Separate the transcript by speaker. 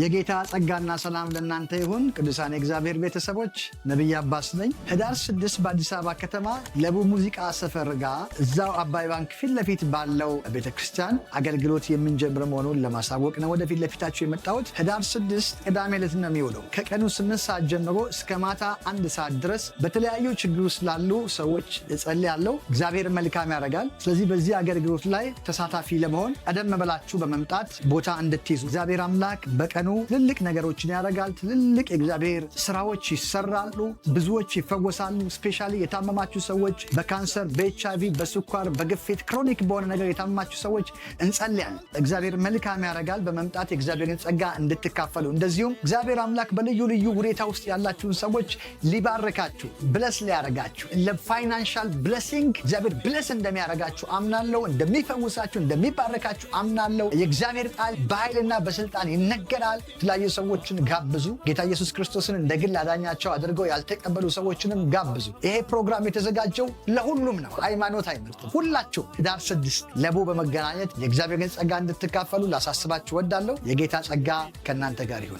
Speaker 1: የጌታ ጸጋና ሰላም ለእናንተ ይሁን። ቅዱሳን የእግዚአብሔር ቤተሰቦች ነቢይ አባስ ነኝ። ህዳር ስድስት በአዲስ አበባ ከተማ ለቡ ሙዚቃ ሰፈር ጋር እዛው አባይ ባንክ ፊት ለፊት ባለው ቤተ ክርስቲያን አገልግሎት የምንጀምር መሆኑን ለማሳወቅ ነው ወደፊት ለፊታችሁ የመጣሁት። ህዳር ስድስት ቅዳሜ ዕለት ነው የሚውለው ከቀኑ ስምንት ሰዓት ጀምሮ እስከ ማታ አንድ ሰዓት ድረስ በተለያዩ ችግር ውስጥ ላሉ ሰዎች እጸልያለሁ። እግዚአብሔር መልካም ያደርጋል። ስለዚህ በዚህ አገልግሎት ላይ ተሳታፊ ለመሆን ቀደም ብላችሁ በመምጣት ቦታ እንድትይዙ እግዚአብሔር አምላክ በቀኑ በየቀኑ ትልልቅ ነገሮችን ያደርጋል። ትልልቅ የእግዚአብሔር ስራዎች ይሰራሉ። ብዙዎች ይፈወሳሉ። ስፔሻሊ የታመማችሁ ሰዎች በካንሰር፣ በኤችአይቪ፣ በስኳር፣ በግፊት ክሮኒክ በሆነ ነገር የታመማችሁ ሰዎች እንጸልያል። እግዚአብሔር መልካም ያደርጋል በመምጣት የእግዚአብሔርን ጸጋ እንድትካፈሉ እንደዚሁም እግዚአብሔር አምላክ በልዩ ልዩ ሁኔታ ውስጥ ያላችሁን ሰዎች ሊባርካችሁ ብለስ ሊያደርጋችሁ ለፋይናንሻል ብለሲንግ እግዚአብሔር ብለስ እንደሚያረጋችሁ አምናለሁ። እንደሚፈውሳችሁ እንደሚባረካችሁ አምናለሁ። የእግዚአብሔር ቃል በኃይልና በስልጣን ይነገራል። ይላል። የተለያዩ ሰዎችን ጋብዙ። ጌታ ኢየሱስ ክርስቶስን እንደ ግል አዳኛቸው አድርገው ያልተቀበሉ ሰዎችንም ጋብዙ። ይሄ ፕሮግራም የተዘጋጀው ለሁሉም ነው። ሃይማኖት አይመርጥም። ሁላችሁ ህዳር ስድስት ለቡ በመገናኘት የእግዚአብሔርን ጸጋ እንድትካፈሉ ላሳስባችሁ ወዳለሁ። የጌታ ጸጋ ከእናንተ ጋር ይሁን።